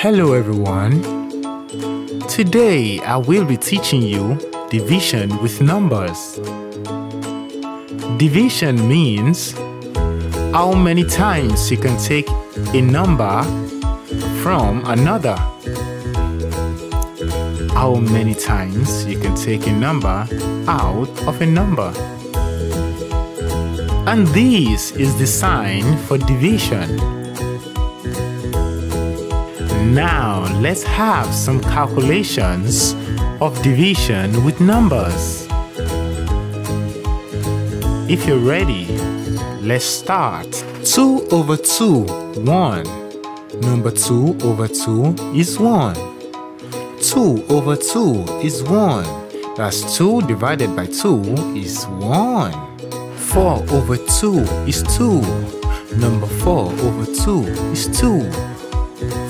Hello everyone. Today I will be teaching you division with numbers. Division means how many times you can take a number from another. How many times you can take a number out of a number. And this is the sign for division. Now let's have some calculations of division with numbers. If you're ready, let's start. 2 over 2, 1. Number 2 over 2 is 1. 2 over 2 is 1. That's 2 divided by 2 is 1. 4 over 2 is 2. Number 4 over 2 is 2.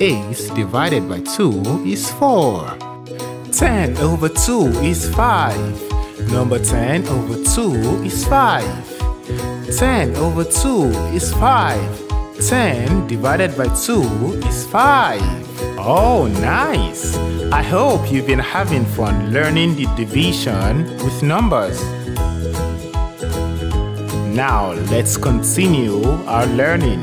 8 divided by 2 is 4. 10 over 2 is 5. Number 10 over 2 is 5. 10 over 2 is 5. 10 divided by 2 is 5. Oh, nice! I hope you've been having fun learning the division with numbers. Now, let's continue our learning.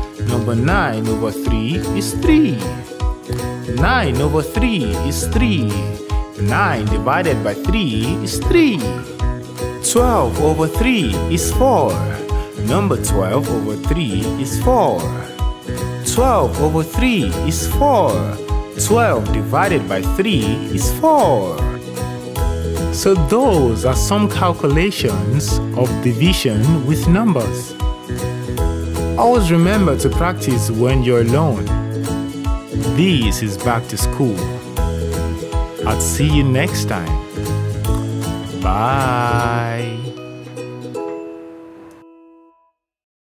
Number 9 over 3 is 3. 9 over 3 is 3. 9 divided by 3 is 3. 12 over 3 is 4. Number 12 over 3 is 4. 12 over 3 is 4. 12 divided by 3 is 4. So those are some calculations of division with numbers. Always remember to practice when you're alone. This is Back to School. I'll see you next time. Bye.